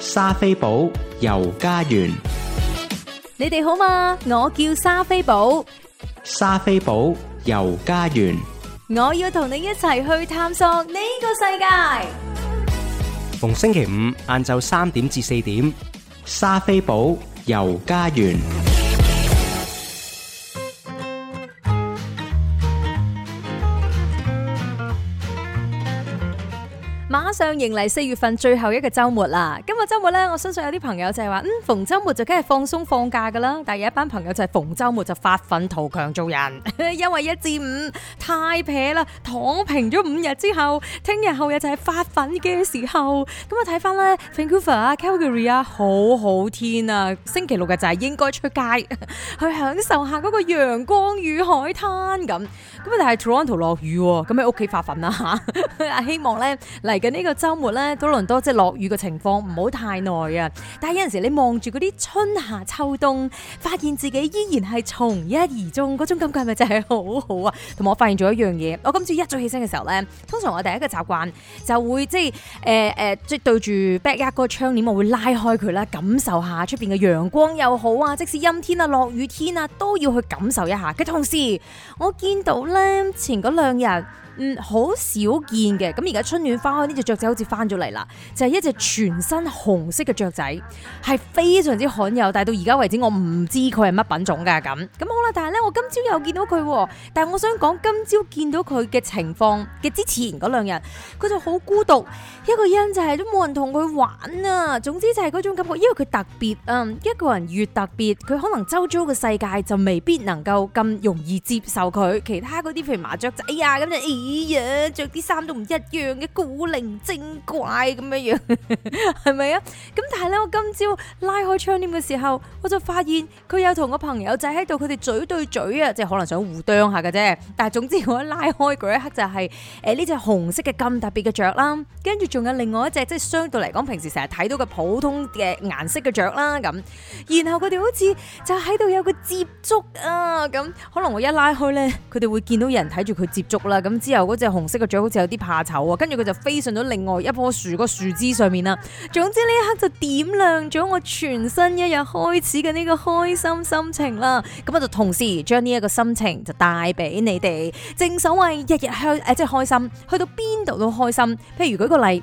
莎菲寶遊加園，你哋好嘛？我叫莎菲寶，莎菲寶遊加園，我要同你一齊去探索呢個世界。逢星期五晏晝三點至四點，莎菲寶遊加園。上迎嚟四月份最後一個周末啦，今日周末呢，我相信有啲朋友就係話，嗯，逢周末就梗係放鬆放假噶啦，但係有一班朋友就係逢周末就發奮圖強做人，因為一至五太平啦，躺平咗五日之後，聽日後日就係發奮嘅時候。咁啊，睇翻呢，Vancouver 啊，Calgary 啊，好好天啊，星期六日就係應該出街去享受下嗰個陽光與海灘咁。咁但係 Toronto 落雨喎，咁喺屋企發奮啦啊， 希望咧，嚟緊呢個周末咧，多倫多即係落雨嘅情況唔好太耐啊！但係有陣時你望住嗰啲春夏秋冬，發現自己依然係從一而終，嗰種感覺係咪真係好好啊？同埋，我發現咗一樣嘢，我今次一早起身嘅時候咧，通常我第一個習慣就會即係誒誒，即係、呃呃、對住 back up 嗰個窗簾，我會拉開佢啦，感受下出邊嘅陽光又好啊，即使陰天啊、落雨天啊，都要去感受一下。嘅同時，我見到前嗰兩日。嗯，好少見嘅。咁而家春暖花開，呢隻雀仔好似翻咗嚟啦，就係、是、一隻全身紅色嘅雀仔，係非常之罕有。但係到而家為止，我唔知佢係乜品種噶。咁咁好啦，但係咧，我今朝又見到佢。但係我想講，今朝見到佢嘅情況嘅之前嗰兩日，佢就好孤獨，一個因就人就係都冇人同佢玩啊。總之就係嗰種感覺，因為佢特別啊、嗯，一個人越特別，佢可能周遭嘅世界就未必能夠咁容易接受佢。其他嗰啲譬如麻雀仔啊，咁、哎咦着啲衫都唔一樣嘅，古靈精怪咁樣樣，係咪啊？咁但係咧，我今朝拉開窗簾嘅時候，我就發現佢有同個朋友仔喺度，佢哋嘴對嘴啊，即係可能想互啄下㗎啫。但係總之我一拉開嗰一刻就係，誒呢隻紅色嘅咁特別嘅雀啦，跟住仲有另外一隻即係相對嚟講平時成日睇到嘅普通嘅顏色嘅雀啦咁。然後佢哋好似就喺度有個接觸啊，咁可能我一拉開咧，佢哋會見到有人睇住佢接觸啦。咁之後。由嗰隻紅色嘅嘴好似有啲怕醜啊，跟住佢就飛上咗另外一棵樹，個樹枝上面啦。總之呢一刻就點亮咗我全新一日開始嘅呢個開心心情啦。咁我就同時將呢一個心情就帶俾你哋。正所謂日日開誒，即係開心，去到邊度都開心。譬如舉個例，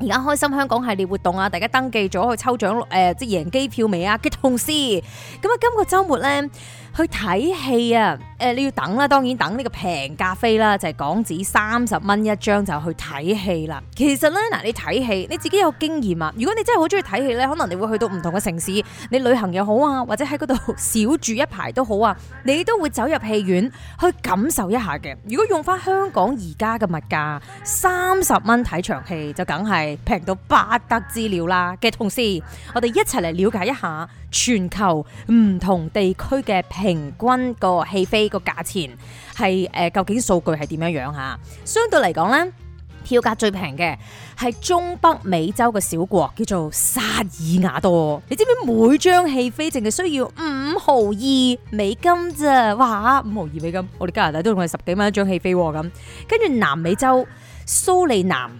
而家開心香港系列活動啊，大家登記咗去抽獎誒、呃，即係贏機票未啊？嘅同時，咁啊今個週末呢。去睇戲啊、呃，你要等啦、啊，當然等呢個平價飛啦，就係、是、港紙三十蚊一張就去睇戲啦。其實呢，嗱，你睇戲你自己有經驗啊。如果你真係好中意睇戲呢，可能你會去到唔同嘅城市，你旅行又好啊，或者喺嗰度小住一排都好啊，你都會走入戲院去感受一下嘅。如果用翻香港而家嘅物價，三十蚊睇場戲就梗係平到不得了啦。嘅同時，我哋一齊嚟了解一下全球唔同地區嘅平。平均個戲飛個價錢係誒，究竟數據係點樣樣嚇？相對嚟講咧，票價最平嘅係中北美洲嘅小國叫做薩爾瓦多。你知唔知每張戲飛淨係需要五毫二美金啫？哇，五毫二美金，我哋加拿大都仲係十幾蚊一張戲飛咁。跟住南美洲蘇利南。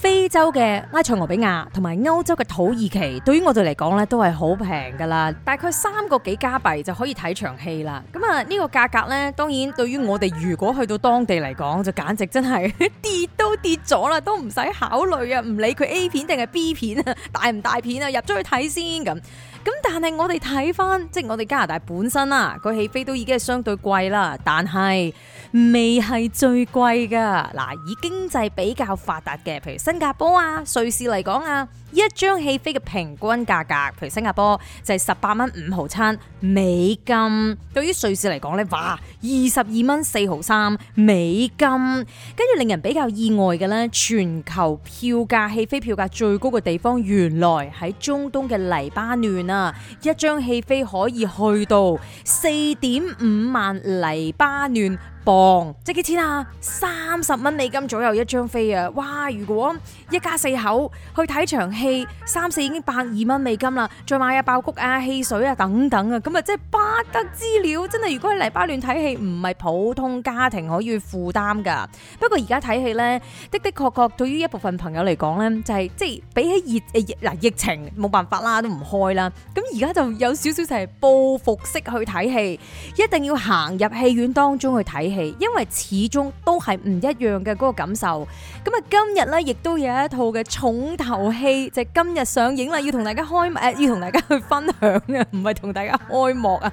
非洲嘅埃塞俄比亞同埋歐洲嘅土耳其，對於我哋嚟講咧都係好平噶啦，大概三個幾加幣就可以睇場戲啦。咁啊，呢個價格咧，當然對於我哋如果去到當地嚟講就簡直真係跌都跌咗啦，都唔使考慮啊，唔理佢 A 片定係 B 片啊，大唔大片啊，入咗去睇先咁。咁但係我哋睇翻，即係我哋加拿大本身啦，佢戲飛都已經係相對貴啦，但係未係最貴噶。嗱，以經濟比較發達嘅，譬如新加坡啊，瑞士嚟講啊。一張戲飛嘅平均價格，譬如新加坡就係十八蚊五毫七美金。對於瑞士嚟講咧，哇，二十二蚊四毫三美金。跟住令人比較意外嘅咧，全球票價戲飛票價最高嘅地方，原來喺中東嘅黎巴嫩啊！一張戲飛可以去到四點五萬黎巴嫩磅，即幾錢啊？三十蚊美金左右一張飛啊！哇，如果一家四口去睇場戲。戲三四已經百二蚊美金啦，再買下爆谷啊汽水啊等等啊，咁啊即係不得之了，真係如果喺黎巴嫩睇戲唔係普通家庭可以負擔噶。不過而家睇戲呢，的的確確對於一部分朋友嚟講呢，就係、是、即係比起熱誒嗱疫情冇辦法啦，都唔開啦。咁而家就有少少就係報復式去睇戲，一定要行入戲院當中去睇戲，因為始終都係唔一樣嘅嗰個感受。咁啊今日呢，亦都有一套嘅重頭戲。就是、今日上映啦，要同大家開幕、呃，要同大家去分享啊，唔係同大家開幕啊！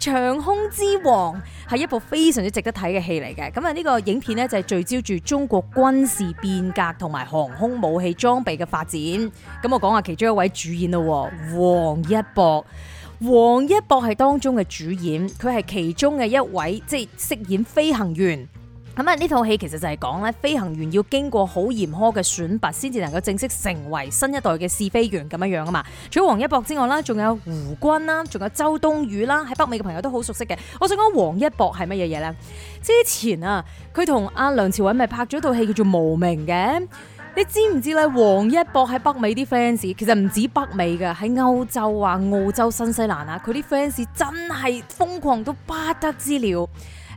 《長空之王》係一部非常之值得睇嘅戲嚟嘅，咁啊呢個影片呢，就係聚焦住中國軍事變革同埋航空武器裝備嘅發展。咁我講下其中一位主演咯，王一博。王一博係當中嘅主演，佢係其中嘅一位，即係飾演飛行員。咁啊！呢套戲其實就係講咧，飛行員要經過好嚴苛嘅選拔，先至能夠正式成為新一代嘅試飛員咁樣樣啊嘛。除咗王一博之外啦，仲有胡軍啦，仲有周冬雨啦，喺北美嘅朋友都好熟悉嘅。我想講王一博係乜嘢嘢呢？之前啊，佢同阿梁朝偉咪拍咗套戲叫做《無名》嘅。你知唔知咧？王一博喺北美啲 fans 其實唔止北美嘅，喺歐洲啊、澳洲、新西蘭啊，佢啲 fans 真係瘋狂到不得之了。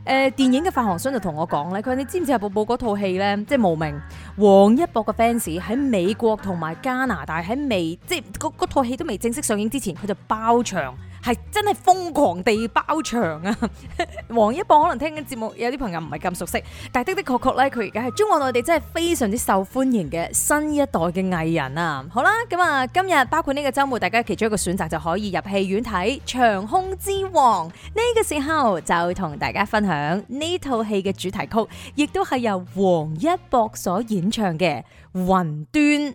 誒、呃、電影嘅發行商就同我講咧，佢話你知唔知阿布布嗰套戲咧，即係無名，王一博嘅 fans 喺美國同埋加拿大喺未，即係嗰套戲都未正式上映之前，佢就包場。係真係瘋狂地包場啊！王一博可能聽緊節目，有啲朋友唔係咁熟悉，但係的的確確咧，佢而家係中國內地真係非常之受歡迎嘅新一代嘅藝人啊！好啦，咁啊，今日包括呢個周末，大家其中一個選擇就可以入戲院睇《長空之王》這。呢個時候就同大家分享呢套戲嘅主題曲，亦都係由王一博所演唱嘅《雲端》。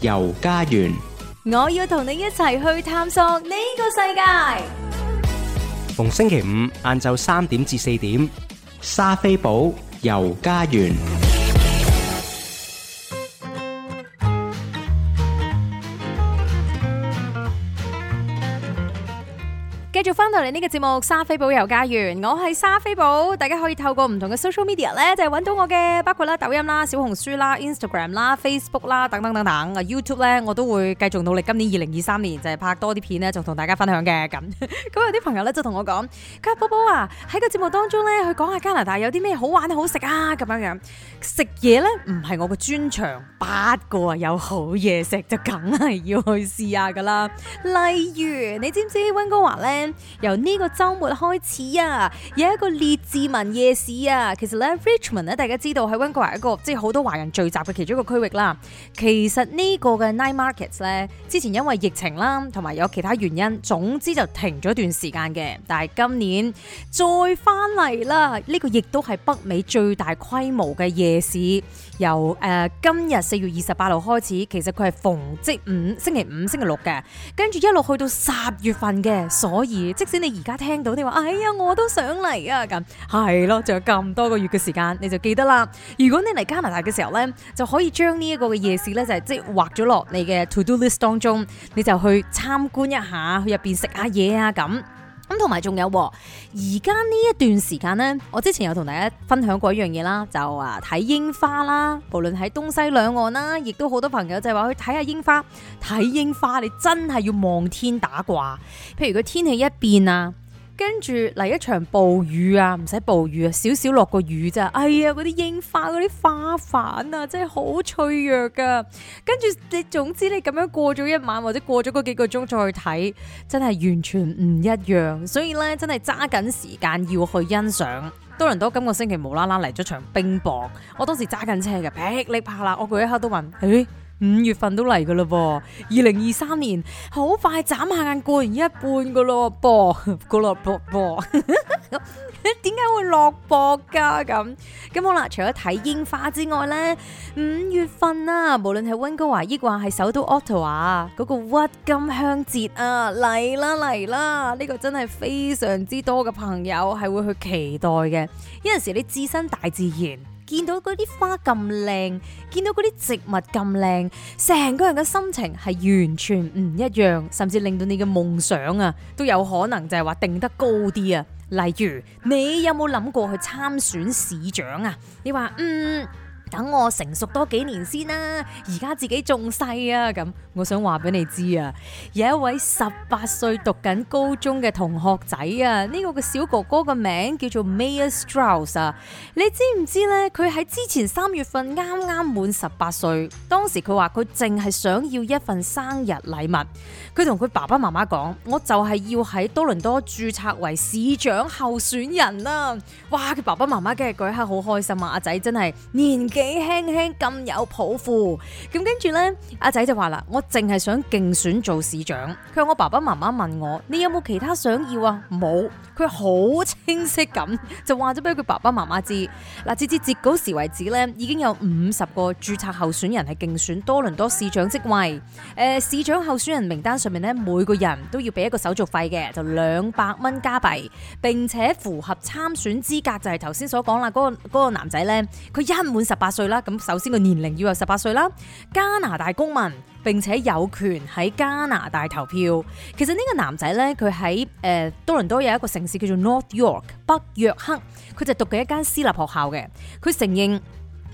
遊加園，我要同你一齊去探索呢個世界。逢星期五晏晝三點至四點，莎菲寶，遊加園。繼續翻到嚟呢個節目《莎菲寶遊加園》，我係莎菲寶，大家可以透過唔同嘅 social media 咧就係揾到我嘅，包括啦抖音啦、小紅書啦、Instagram 啦、Facebook 啦等等等等。YouTube 咧我都會繼續努力，今年二零二三年就係拍多啲片咧，就同大家分享嘅咁。咁 有啲朋友咧就同我講，佢話寶寶啊，喺個節目當中咧去講下加拿大有啲咩好玩好食啊咁樣樣。食嘢咧唔係我嘅專長，不過有好嘢食就梗係要去試下噶啦。例如你知唔知溫哥華咧？由呢個周末開始啊，有一個列治文夜市啊。其實咧，Richmond 咧，大家知道喺溫哥華一個即係好多華人聚集嘅其中一個區域啦。其實呢個嘅 Night Markets 咧，之前因為疫情啦，同埋有其他原因，總之就停咗一段時間嘅。但係今年再翻嚟啦，呢個亦都係北美最大規模嘅夜市。由、呃、今日四月二十八號開始，其實佢係逢即五星期五、星期六嘅，跟住一路去到十月份嘅，所以即使你而家聽到你話，哎呀，我都想嚟啊咁，係咯，仲有咁多個月嘅時間，你就記得啦。如果你嚟加拿大嘅時候呢，就可以將呢一個嘅夜市呢，就係、係、即畫咗落你嘅 to do list 當中，你就去參觀一下，去入邊食下嘢啊咁。咁同埋仲有，而家呢一段時間呢，我之前有同大家分享過一樣嘢啦，就話睇櫻花啦，無論喺東西兩岸啦，亦都好多朋友就係話去睇下櫻花，睇櫻花你真係要望天打卦，譬如個天氣一變啊。跟住嚟一場暴雨啊，唔使暴雨啊，少少落個雨咋。哎呀，嗰啲櫻花嗰啲花瓣啊，真係好脆弱噶。跟住你總之你咁樣過咗一晚，或者過咗嗰幾個鐘再去睇，真係完全唔一樣。所以呢，真係揸緊時間要去欣賞。多倫多今個星期無啦啦嚟咗場冰雹，我當時揸緊車嘅，劈力啪啦，我嗰一刻都問，誒、欸。五月份都嚟噶喇噃，二零二三年好快眨下眼過完一半噶咯噃，過落噃，噃，咁點解會落雹噶？咁咁好啦，除咗睇櫻花之外咧，五月份啦，無論係溫哥華、抑或係首都 Ottawa 嗰個鬱金香節啊，嚟啦嚟啦，呢、呢個真係非常之多嘅朋友係會去期待嘅，有陣時你置身大自然。見到嗰啲花咁靚，見到嗰啲植物咁靚，成個人嘅心情係完全唔一樣，甚至令到你嘅夢想啊都有可能就係話定得高啲啊！例如，你有冇諗過去參選市長啊？你話嗯。等我成熟多幾年先啦，而家自己仲細啊，咁我想話俾你知啊，有一位十八歲讀緊高中嘅同學仔啊，呢個嘅小哥哥嘅名叫做 Mayor Strauss 啊，你知唔知咧？佢喺之前三月份啱啱滿十八歲，當時佢話佢淨係想要一份生日禮物，佢同佢爸爸媽媽講，我就係要喺多倫多註冊為市長候選人啦。哇，佢爸爸媽媽嘅即刻好開心啊，阿仔真係年幾輕輕咁有抱負，咁跟住呢，阿仔就話啦：，我淨係想競選做市長。佢我爸爸媽媽問我，你有冇其他想要啊？冇。佢好清晰咁就話咗俾佢爸爸媽媽知。嗱，截至截稿時為止咧，已經有五十個註冊候選人係競選多倫多市長職位。誒，市長候選人名單上面咧，每個人都要俾一個手續費嘅，就兩百蚊加幣。並且符合參選資格就係頭先所講啦，嗰個男仔咧，佢一滿十八歲啦，咁首先個年齡要有十八歲啦，加拿大公民。並且有權喺加拿大投票。其實呢個男仔呢，佢喺誒多倫多有一個城市叫做 North York 北約克，佢就讀嘅一間私立學校嘅。佢承認。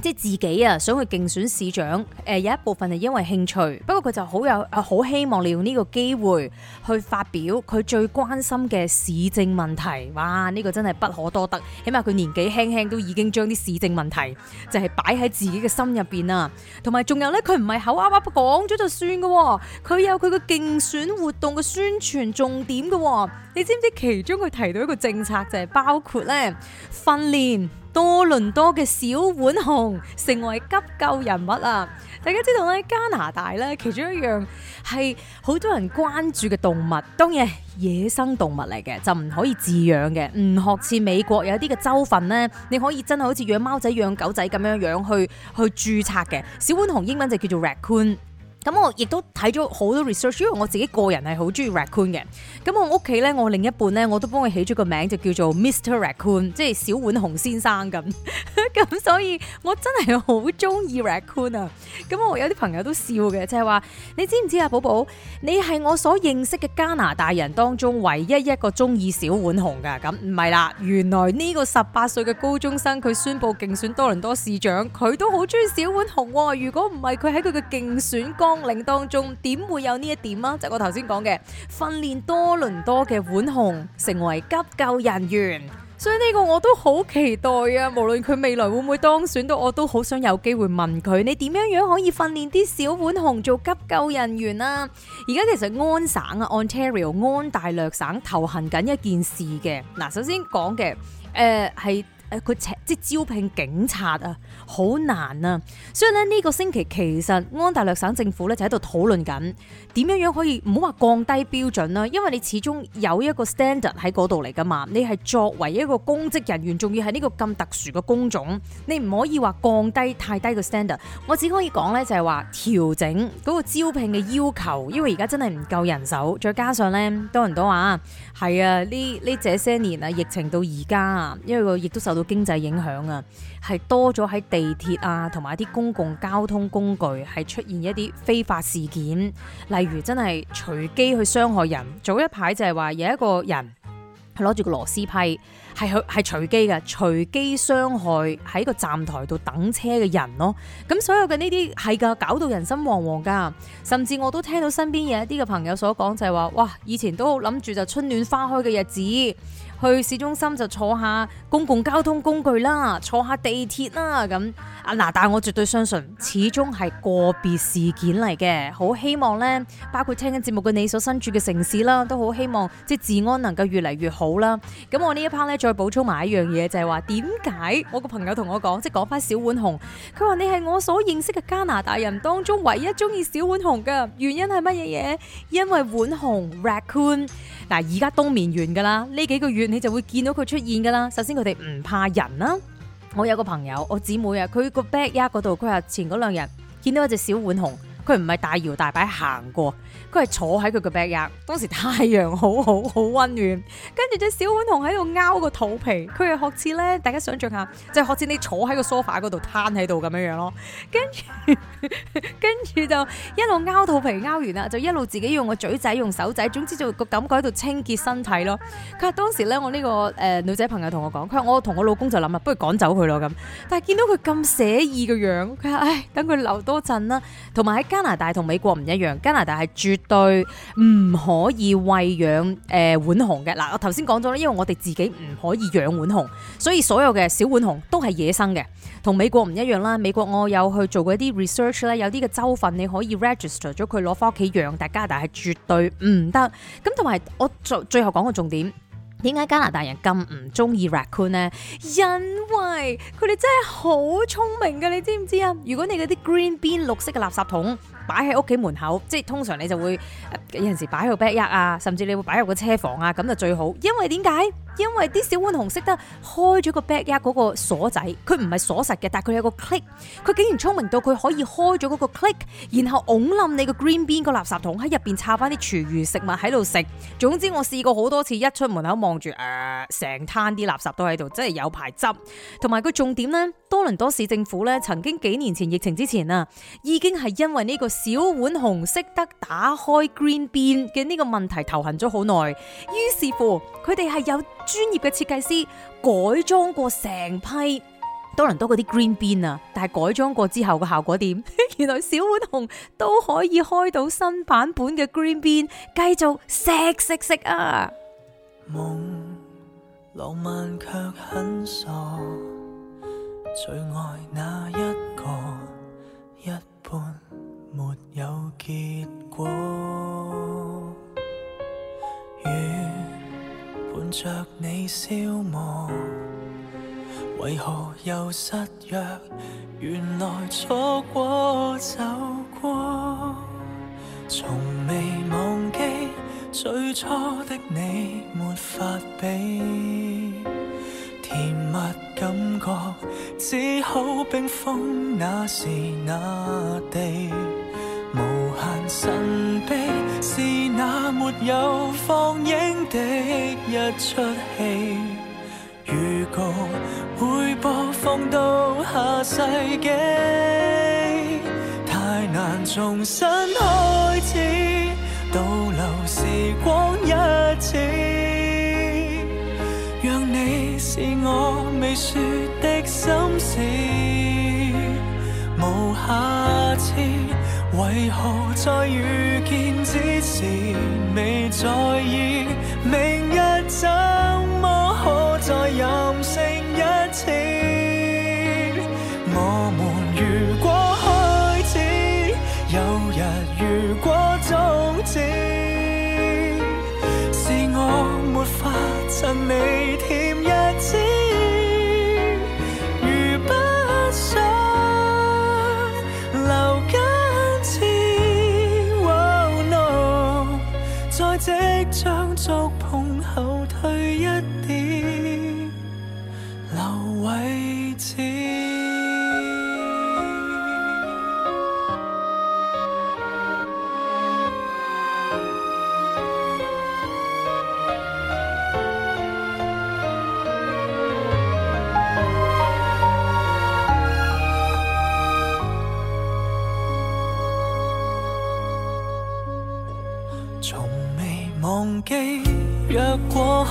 即係自己啊，想去競選市長，誒，有一部分係因為興趣，不過佢就好有，好希望利用呢個機會去發表佢最關心嘅市政問題。哇，呢個真係不可多得，起碼佢年紀輕輕都已經將啲市政問題就係擺喺自己嘅心入邊啊。同埋仲有呢，佢唔係口啱啱講咗就算噶，佢有佢嘅競選活動嘅宣傳重點噶。你知唔知道其中佢提到一個政策就係包括呢訓練？多倫多嘅小浣熊成為急救人物啊！大家知道咧，加拿大咧其中一樣係好多人關注嘅動物，當然野生動物嚟嘅就唔可以自養嘅，唔學似美國有啲嘅州份咧，你可以真係好似養貓仔、養狗仔咁樣樣去去註冊嘅。小浣熊英文就叫做 Raccoon。咁我亦都睇咗好多 research，因為我自己個人係好中意 raccoon 嘅。咁我屋企咧，我另一半咧，我都幫佢起咗個名，就叫做 Mr. Raccoon，即係小浣熊先生咁。咁 所以我真係好中意 raccoon 啊！咁我有啲朋友都笑嘅，即係話，你知唔知啊，寶寶，你係我所認識嘅加拿大人當中唯一一個中意小浣熊噶？咁唔係啦，原來呢個十八歲嘅高中生佢宣布競選多倫多市長，佢都好中意小浣熊啊。如果唔係佢喺佢嘅競選峰嶺當中點會有呢一點啊？就我頭先講嘅訓練多倫多嘅浣熊成為急救人員，所以呢個我都好期待啊！無論佢未來會唔會當選，都我都好想有機會問佢，你點樣樣可以訓練啲小浣熊做急救人員啊？而家其實安省啊 （Ontario） 安大略省頭痕緊一件事嘅，嗱，首先講嘅誒係。佢即係招聘警察啊，好難啊！所以咧，呢個星期其實安大略省政府咧就喺度討論緊點樣樣可以唔好話降低標準啦，因為你始終有一個 standard 喺嗰度嚟噶嘛，你係作為一個公職人員，仲要係呢個咁特殊嘅工種，你唔可以話降低太低個 standard。我只可以講咧就係話，調整嗰個招聘嘅要求，因為而家真係唔夠人手，再加上咧，多人都話係啊，呢呢這些年啊，疫情到而家啊，因為個亦都受到。經濟影響啊，係多咗喺地鐵啊，同埋一啲公共交通工具係出現一啲非法事件，例如真係隨機去傷害人。早一排就係話有一個人係攞住個螺絲批，係去係隨機嘅，隨機傷害喺個站台度等車嘅人咯。咁所有嘅呢啲係噶，搞到人心惶惶噶。甚至我都聽到身邊有一啲嘅朋友所講就係、是、話，哇，以前都好諗住就春暖花開嘅日子。去市中心就坐下公共交通工具啦，坐下地鐵啦，咁啊，嗱，但係我絕對相信，始終係個別事件嚟嘅。好希望咧，包括聽緊節目嘅你所身處嘅城市啦，都好希望即係治安能夠越嚟越好啦。咁我呢一 part 咧再補充埋一樣嘢，就係話點解我個朋友同我講，即係講翻小浣熊，佢話你係我所認識嘅加拿大人當中唯一中意小浣熊噶原因係乜嘢嘢？因為浣熊 raccoon 嗱，而家冬眠完噶啦，呢幾個月。你就會見到佢出現嘅啦。首先佢哋唔怕人啦。我有個朋友，我姊妹啊，佢個 backyard 嗰度，佢話前嗰兩日見到一隻小浣熊。佢唔係大搖大擺行過，佢係坐喺佢個 backyard。當時太陽好好好溫暖，跟住隻小浣熊喺度撓個肚皮，佢係學似咧。大家想象下，即係、學似你坐喺個 sofa 嗰度攤喺度咁樣樣咯。跟住 跟住就一路撓肚皮，撓完啦就一路自己用個嘴仔用手仔，總之就個感覺喺度清潔身體咯。佢話當時咧，我呢個誒女仔朋友同我講，佢話我同我老公就諗啊，不如趕走佢咯咁。但係見到佢咁寫意嘅樣，佢話唉，等佢留多陣啦。同埋喺。加拿大同美國唔一樣，加拿大係絕對唔可以餵養誒、呃、浣熊嘅。嗱，我頭先講咗啦，因為我哋自己唔可以養浣熊，所以所有嘅小浣熊都係野生嘅，同美國唔一樣啦。美國我有去做過一啲 research 咧，有啲嘅州份你可以 register 咗佢攞返屋企養，但加拿大係絕對唔得。咁同埋我最最後講個重點。點解加拿大人咁唔中意 Raccoon 呢？因為佢哋真係好聰明㗎，你知唔知啊？如果你嗰啲 Green Bin 綠色嘅垃圾桶，擺喺屋企門口，即係通常你就會有陣時擺喺個 backyard 啊，甚至你會擺入個車房啊，咁就最好。因為點解？因為啲小浣熊識得開咗個 backyard 嗰個鎖仔，佢唔係鎖實嘅，但係佢有個 click。佢竟然聰明到佢可以開咗嗰個 click，然後㧬冧你個 green bin 個垃圾桶喺入邊插翻啲廚餘食物喺度食。總之我試過好多次，一出門口望住誒，成攤啲垃圾都喺度，真係有排執。同埋個重點呢，多倫多市政府呢曾經幾年前疫情之前啊，已經係因為呢個。小碗紅識得打開 Green Bean 嘅呢個問題頭痕咗好耐，於是乎佢哋係有專業嘅設計師改裝過成批多倫多嗰啲 Green Bean 啊，但係改裝過之後嘅效果點？原來小碗紅都可以開到新版本嘅 Green Bean，繼續食食食啊！夢有結果，願伴着你消磨。為何又失約？原來錯過走過，從未忘記最初的你沒，沒法比甜蜜感覺，只好冰封那時那地。神秘是那沒有放映的一出戲，預告會播放到下世紀。太難重新開始，倒流時光一次，讓你是我未說的心事，無下次。為何在遇見之時未在意？明日怎麼可再任性一次？我們如果開始，有日如果終止，是我沒法襯你。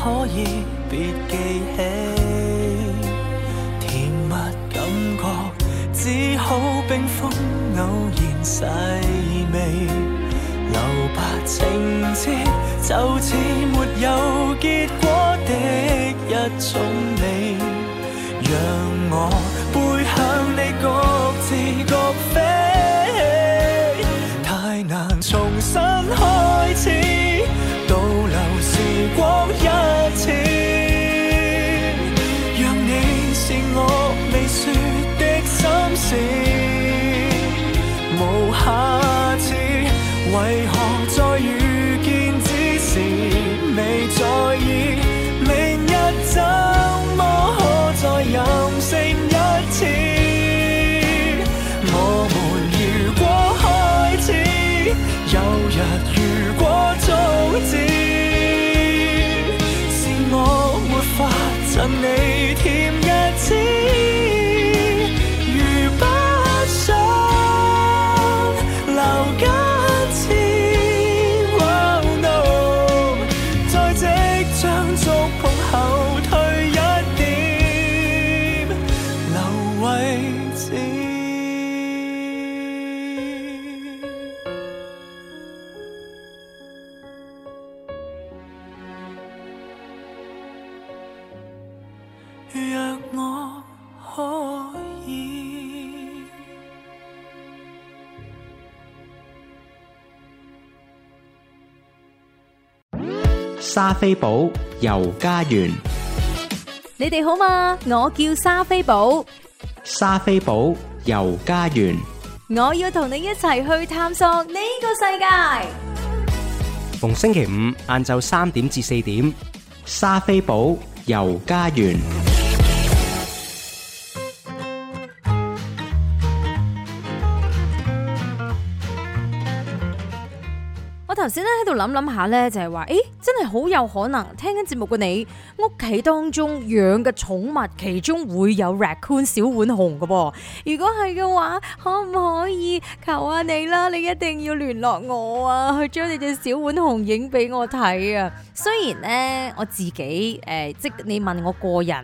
可以別記起，甜蜜感覺只好冰封，偶然細味，留白情節就此。莎菲寶遊加園，你哋好嘛？我叫莎菲寶。莎菲寶遊加園，我要同你一齊去探索呢個世界。逢星期五晏晝三點至四點，莎菲寶遊加園。頭先咧喺度諗諗下咧，就係話，誒，真係好有可能聽緊節目嘅你屋企當中養嘅寵物其中會有 raccoon 小浣熊嘅噃。如果係嘅話，可唔可以求下你啦？你一定要聯絡我啊，去將你隻小浣熊影俾我睇啊。雖然咧我自己誒、呃，即你問我個人誒、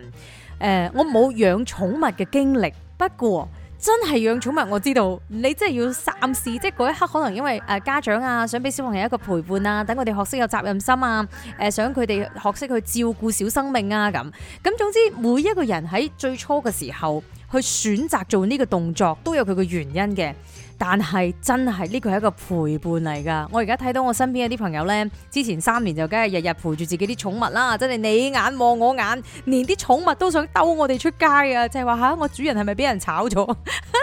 呃，我冇養寵物嘅經歷，不過。真係養寵物，我知道你真係要三思，即係嗰一刻可能因為誒家長啊，想俾小朋友一個陪伴啊，等佢哋學識有責任心啊，誒想佢哋學識去照顧小生命啊咁，咁總之每一個人喺最初嘅時候去選擇做呢個動作，都有佢嘅原因嘅。但係真係呢個係一個陪伴嚟噶，我而家睇到我身邊有啲朋友呢，之前三年就梗係日日陪住自己啲寵物啦，真係你眼望我眼，連啲寵物都想兜我哋出街啊！就係話嚇，我主人係咪俾人炒咗？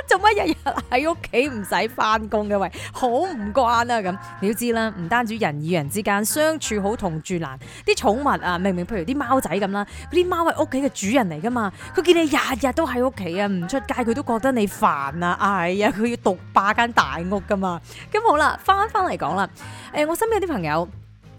做乜日日喺屋企唔使返工嘅？喂，好唔慣啊！咁你都知啦，唔單止人與人之間相處好同住難，啲寵物啊，明明譬如啲貓仔咁啦，啲貓係屋企嘅主人嚟噶嘛，佢見你日日都喺屋企啊，唔出街佢都覺得你煩啊！哎呀，佢要獨霸。架間大屋噶嘛，咁好啦，翻翻嚟講啦，誒，我身邊有啲朋友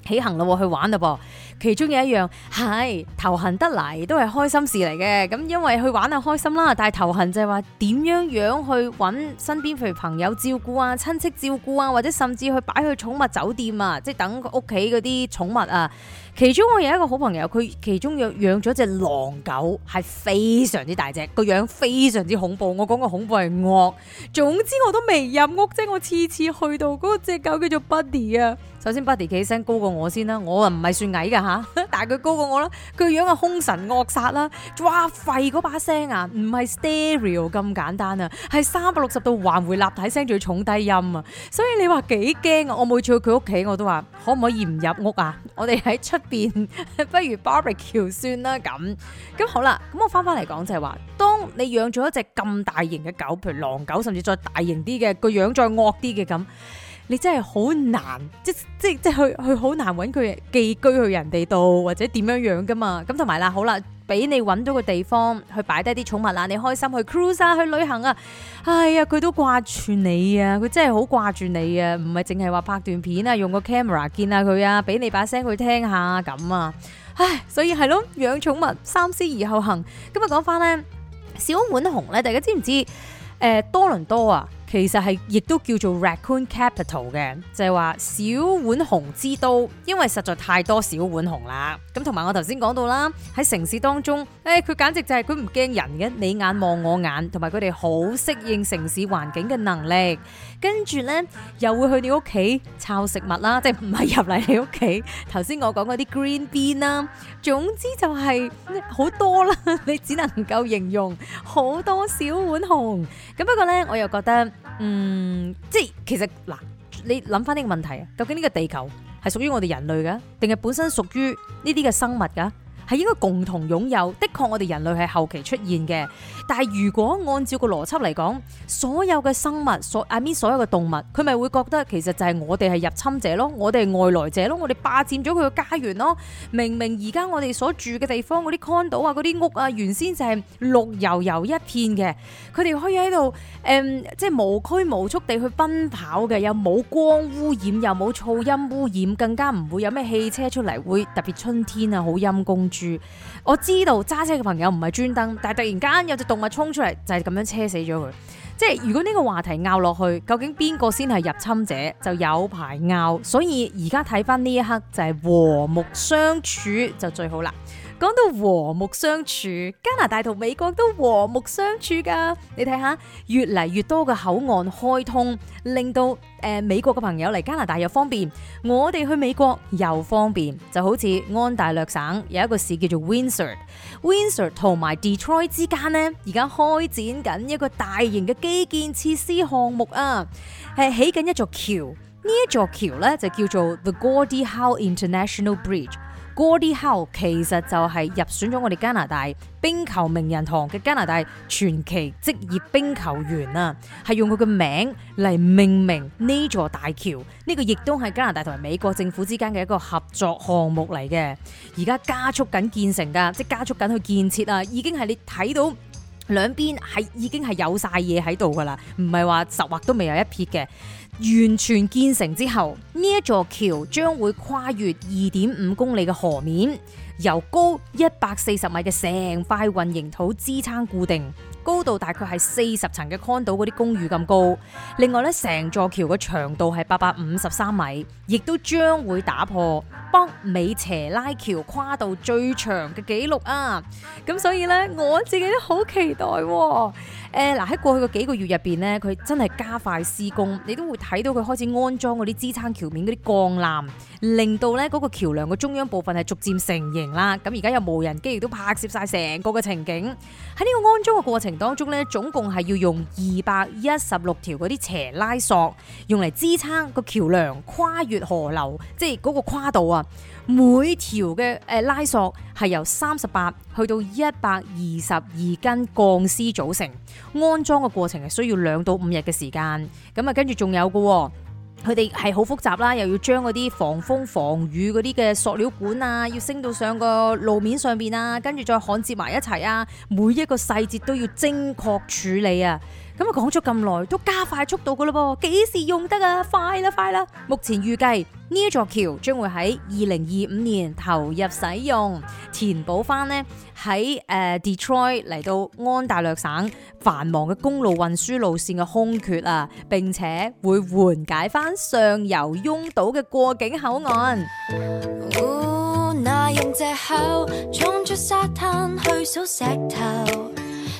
起行咯，去玩嘞噃。其中嘅一樣係頭痕得嚟，都係開心事嚟嘅。咁因為去玩下開心啦，但係頭痕就係話點樣樣去揾身邊譬如朋友照顧啊、親戚照顧啊，或者甚至去擺去寵物酒店啊，即係等屋企嗰啲寵物啊。其中我有一個好朋友，佢其中有養咗隻狼狗，係非常之大隻，個樣非常之恐怖。我講個恐怖係惡。總之我都未入屋啫，我次次去到嗰個隻狗叫做 Buddy 啊。首先 Buddy 起身高過我先啦，我啊唔係算矮㗎。吓， 但係佢高過我啦，佢樣係凶神惡煞啦，哇吠嗰把聲啊，唔係 stereo 咁簡單啊，係三百六十度環回立體聲仲要重低音啊，所以你話幾驚啊？我每次去佢屋企，我都話可唔可以唔入屋啊？我哋喺出邊不如 barbecue 算啦咁。咁好啦，咁我翻翻嚟講就係話，當你養咗一隻咁大型嘅狗，譬如狼狗，甚至再大型啲嘅，個樣再惡啲嘅咁。你真係好難，即即即去去好難揾佢寄居去人哋度，或者點樣養㗎嘛？咁同埋啦，好啦，俾你揾到個地方去擺低啲寵物啦，你開心去 cruise 啊，去旅行啊，哎呀，佢都掛住你啊，佢真係好掛住你啊，唔係淨係話拍段片啊，用個 camera 見下佢啊，俾你把聲佢聽下咁啊，唉，所以係咯，養寵物三思而後行。咁啊，今日講返咧，小滿紅咧，大家知唔知？誒、呃，多倫多啊？其實係亦都叫做 Raccoon Capital 嘅，就係話小浣熊之都，因為實在太多小浣熊啦。咁同埋我頭先講到啦，喺城市當中，誒佢簡直就係佢唔驚人嘅，你眼望我眼，同埋佢哋好適應城市環境嘅能力。跟住咧又會去你屋企抄食物啦，即係唔係入嚟你屋企。頭先我講嗰啲 Green Bin 啦，總之就係好多啦，你只能夠形容好多小浣熊。咁不過咧，我又覺得。嗯，即其實嗱，你諗翻呢個問題，究竟呢個地球係屬於我哋人類嘅，定係本身屬於呢啲嘅生物㗎？係應該共同擁有。的確，我哋人類係後期出現嘅。但係如果按照個邏輯嚟講，所有嘅生物，所 I mean 所有嘅動物，佢咪會覺得其實就係我哋係入侵者咯，我哋係外來者咯，我哋霸佔咗佢嘅家園咯。明明而家我哋所住嘅地方嗰啲 Condo 啊、嗰啲屋啊，原先就係綠油油一片嘅。佢哋可以喺度，誒、呃，即係無拘無束地去奔跑嘅，又冇光污染，又冇噪音污染，更加唔會有咩汽車出嚟，會特別春天啊，好陰公。住我知道揸車嘅朋友唔係專登，但係突然間有隻動物衝出嚟就係咁樣車死咗佢。即係如果呢個話題拗落去，究竟邊個先係入侵者，就有排拗。所以而家睇翻呢一刻就係和睦相處就最好啦。講到和睦相處，加拿大同美國都和睦相處噶。你睇下，越嚟越多嘅口岸開通，令到誒、呃、美國嘅朋友嚟加拿大又方便，我哋去美國又方便。就好似安大略省有一個市叫做 Windsor，Windsor 同埋 Detroit 之間呢，而家開展緊一個大型嘅基建設施項目啊，係起緊一座橋。呢一座橋咧就叫做 The Gordie Howe International Bridge。Gordie Howe 其實就係入選咗我哋加拿大冰球名人堂嘅加拿大傳奇職業冰球員啊，係用佢嘅名嚟命名呢座大橋。呢、這個亦都係加拿大同埋美國政府之間嘅一個合作項目嚟嘅。而家加速緊建成㗎，即係加速緊去建設啊，已經係你睇到兩邊係已經係有晒嘢喺度㗎啦，唔係話十劃都未有一撇嘅。完全建成之後，呢一座橋將會跨越二點五公里嘅河面，由高一百四十米嘅成塊混凝土支撐固定，高度大概係四十層嘅康 o 嗰啲公寓咁高。另外咧，成座橋嘅長度係八百五十三米，亦都將會打破北美斜拉橋跨度最長嘅紀錄啊！咁所以咧，我自己都好期待喎、啊。誒，嗱，喺過去個幾個月入邊咧，佢真係加快施工，你都會睇到佢開始安裝嗰啲支撐橋面嗰啲鋼纜，令到咧嗰個橋梁嘅中央部分係逐漸成形啦。咁而家有無人機亦都拍攝晒成個嘅情景。喺呢個安裝嘅過程當中咧，總共係要用二百一十六條嗰啲斜拉索，用嚟支撐個橋梁跨越河流，即係嗰個跨度啊。每條嘅誒拉索係由三十八去到一百二十二根鋼絲組成。安裝嘅過程係需要兩到五日嘅時間，咁啊跟住仲有個，佢哋係好複雜啦，又要將嗰啲防風防雨嗰啲嘅塑料管啊，要升到上個路面上邊啊，跟住再焊接埋一齊啊，每一個細節都要精確處理啊。咁啊，講咗咁耐都加快速度噶啦噃，幾時用得啊？快啦，快啦！目前預計呢一座橋將會喺二零二五年投入使用，填補翻呢喺誒 Detroit 嚟到安大略省繁忙嘅公路運輸路線嘅空缺啊，並且會緩解翻上游擁堵嘅過境口岸。哦、那用藉口衝出沙灘去掃石頭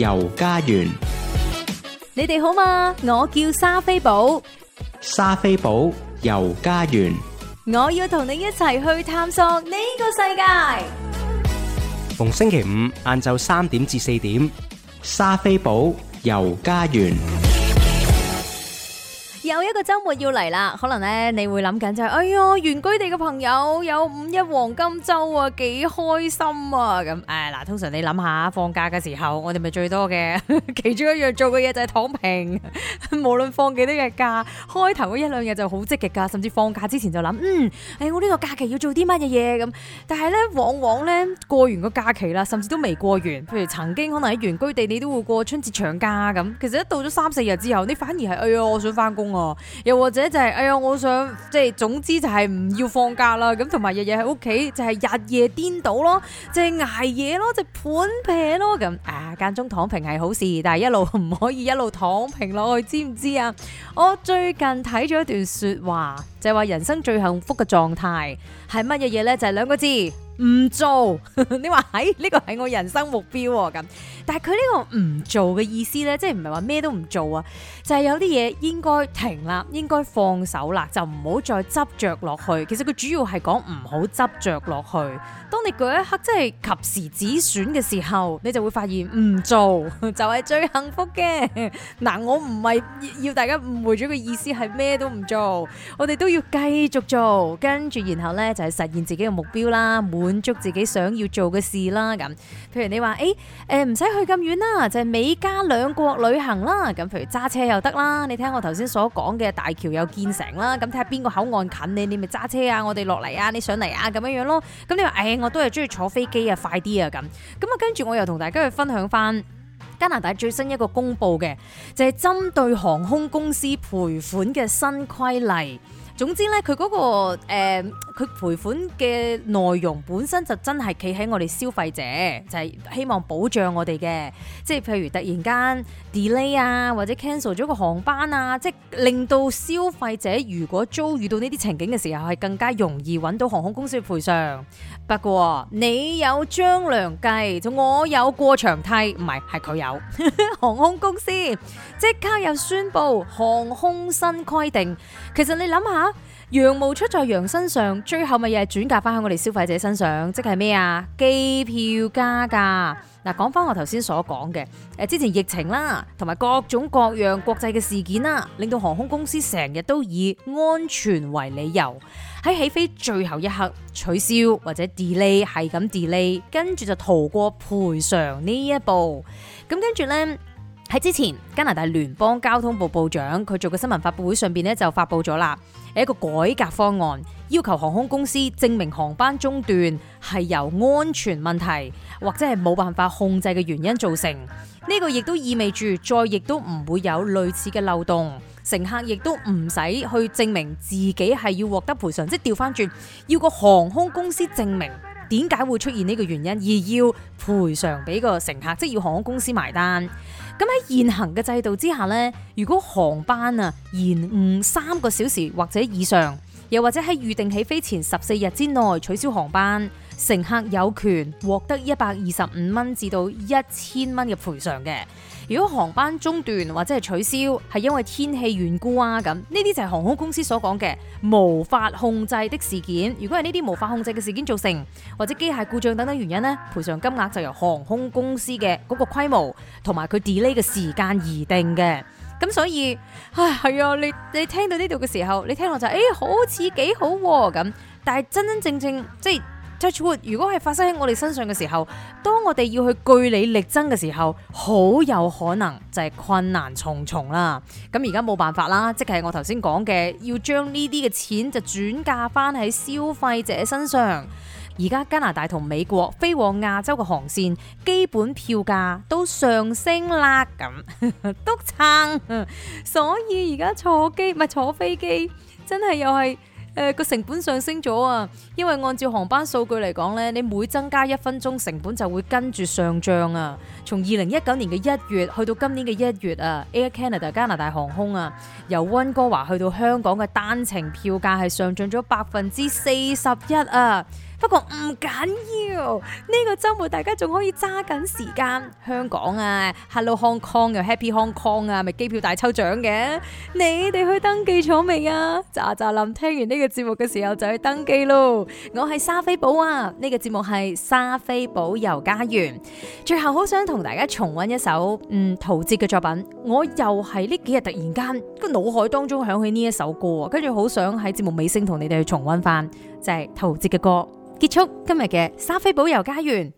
遊加園，你哋好嘛？我叫莎菲寶，莎菲寶遊加園，我要同你一齊去探索呢個世界。逢星期五晏晝三點至四點，莎菲寶遊加園。有一個周末要嚟啦，可能咧你會諗緊就係，哎唷，原居地嘅朋友有五一黃金周啊，幾開心啊！咁，誒嗱，通常你諗下放假嘅時候，我哋咪最多嘅其中一樣做嘅嘢就係躺平，無論放幾多日假，開頭嗰一兩日就好積極㗎，甚至放假之前就諗，嗯，誒、哎，我呢個假期要做啲乜嘢嘢咁。但係咧，往往咧過完個假期啦，甚至都未過完，譬如曾經可能喺原居地你都會過春節長假咁，其實一到咗三四日之後，你反而係，哎唷，我想返工啊！又或者就係、是、哎呀，我想即係總之就係唔要放假啦，咁同埋日日喺屋企就係日夜顛倒咯，就捱、是、夜咯，就盤平咯，咁啊間中躺平係好事，但係一路唔可以一路躺平落去，知唔知啊？我最近睇咗一段說話，就話、是、人生最幸福嘅狀態係乜嘢嘢呢？就係、是、兩個字。唔做，你話喺呢個係我人生目標咁，但係佢呢個唔做嘅意思咧，即係唔係話咩都唔做啊，就係有啲嘢，應該停啦，應該放手啦，就唔好再執着落去。其實佢主要係講唔好執着落去。當你嗰一刻即係及時止損嘅時候，你就會發現唔做就係最幸福嘅。嗱，我唔係要大家誤會咗個意思係咩都唔做，我哋都要繼續做，跟住然後咧就係實現自己嘅目標啦。滿足自己想要做嘅事啦，咁，譬如你話誒，誒唔使去咁遠啦，就係、是、美加兩國旅行啦，咁譬如揸車又得啦，你聽我頭先所講嘅大橋又建成啦，咁睇下邊個口岸近你，你咪揸車啊，我哋落嚟啊，你上嚟、欸、啊，咁樣樣咯，咁你話誒，我都係中意坐飛機啊，快啲啊咁，咁啊跟住我又同大家去分享翻加拿大最新一個公布嘅，就係、是、針對航空公司賠款嘅新規例。總之呢佢嗰個佢、呃、賠款嘅內容本身就真係企喺我哋消費者，就係、是、希望保障我哋嘅。即係譬如突然間 delay 啊，或者 cancel 咗個航班啊，即令到消費者如果遭遇到呢啲情景嘅時候，係更加容易揾到航空公司嘅賠償。不過你有張良計，我有過牆梯，唔係係佢有，呵呵，航空公司即刻又宣布航空新規定。其實你諗下，羊毛出在羊身上，最後咪又係轉嫁翻喺我哋消費者身上，即係咩啊？機票加價嗱，講翻我頭先所講嘅，誒，之前疫情啦，同埋各種各樣國際嘅事件啦，令到航空公司成日都以安全為理由，喺起飛最後一刻取消或者 delay，係咁 delay，跟住就逃過賠償呢一步，咁跟住呢。喺之前，加拿大聯邦交通部部長佢做嘅新聞發佈會上邊咧，就發布咗啦，一個改革方案，要求航空公司證明航班中斷係由安全問題或者係冇辦法控制嘅原因造成。呢個亦都意味住，再亦都唔會有類似嘅漏洞，乘客亦都唔使去證明自己係要獲得賠償，即係調返轉，要個航空公司證明點解會出現呢個原因，而要賠償俾個乘客，即係要航空公司埋單。咁喺現行嘅制度之下咧，如果航班啊延誤三個小時或者以上，又或者喺預定起飛前十四日之內取消航班，乘客有權獲得一百二十五蚊至到一千蚊嘅賠償嘅。如果航班中斷或者係取消係因為天氣緣故啊咁，呢啲就係航空公司所講嘅無法控制的事件。如果係呢啲無法控制嘅事件造成，或者機械故障等等原因，呢賠償金額就由航空公司嘅嗰個規模同埋佢 delay 嘅時間而定嘅。咁所以，唉，係啊，你你聽到呢度嘅時候，你聽落就誒、欸、好似幾好咁，啊，但係真真正正即係。如果係發生喺我哋身上嘅時候，當我哋要去據理力爭嘅時候，好有可能就係困難重重啦。咁而家冇辦法啦，即係我頭先講嘅，要將呢啲嘅錢就轉嫁翻喺消費者身上。而家加拿大同美國飛往亞洲嘅航線，基本票價都上升啦，咁都撐。所以而家坐機唔係坐飛機，真係又係。誒、呃、個成本上升咗啊！因為按照航班數據嚟講咧，你每增加一分鐘成本就會跟住上漲啊！從二零一九年嘅一月去到今年嘅一月啊，Air Canada 加拿大航空啊，由溫哥華去到香港嘅單程票價係上漲咗百分之四十一啊！不過唔緊要，呢個周末大家仲可以揸緊時間，香港啊，Hello Hong Kong 又 Happy Hong Kong 啊，咪機票大抽獎嘅，你哋去登記咗未啊？咋咋林聽完呢個節目嘅時候就去登記咯。我係莎菲寶啊，呢個節目係莎菲寶遊加園。最後好想同大家重溫一首嗯陶喆嘅作品，我又係呢幾日突然間個腦海當中響起呢一首歌啊，跟住好想喺節目尾聲同你哋去重溫翻。就係陶喆嘅歌，結束今日嘅莎菲寶遊加園。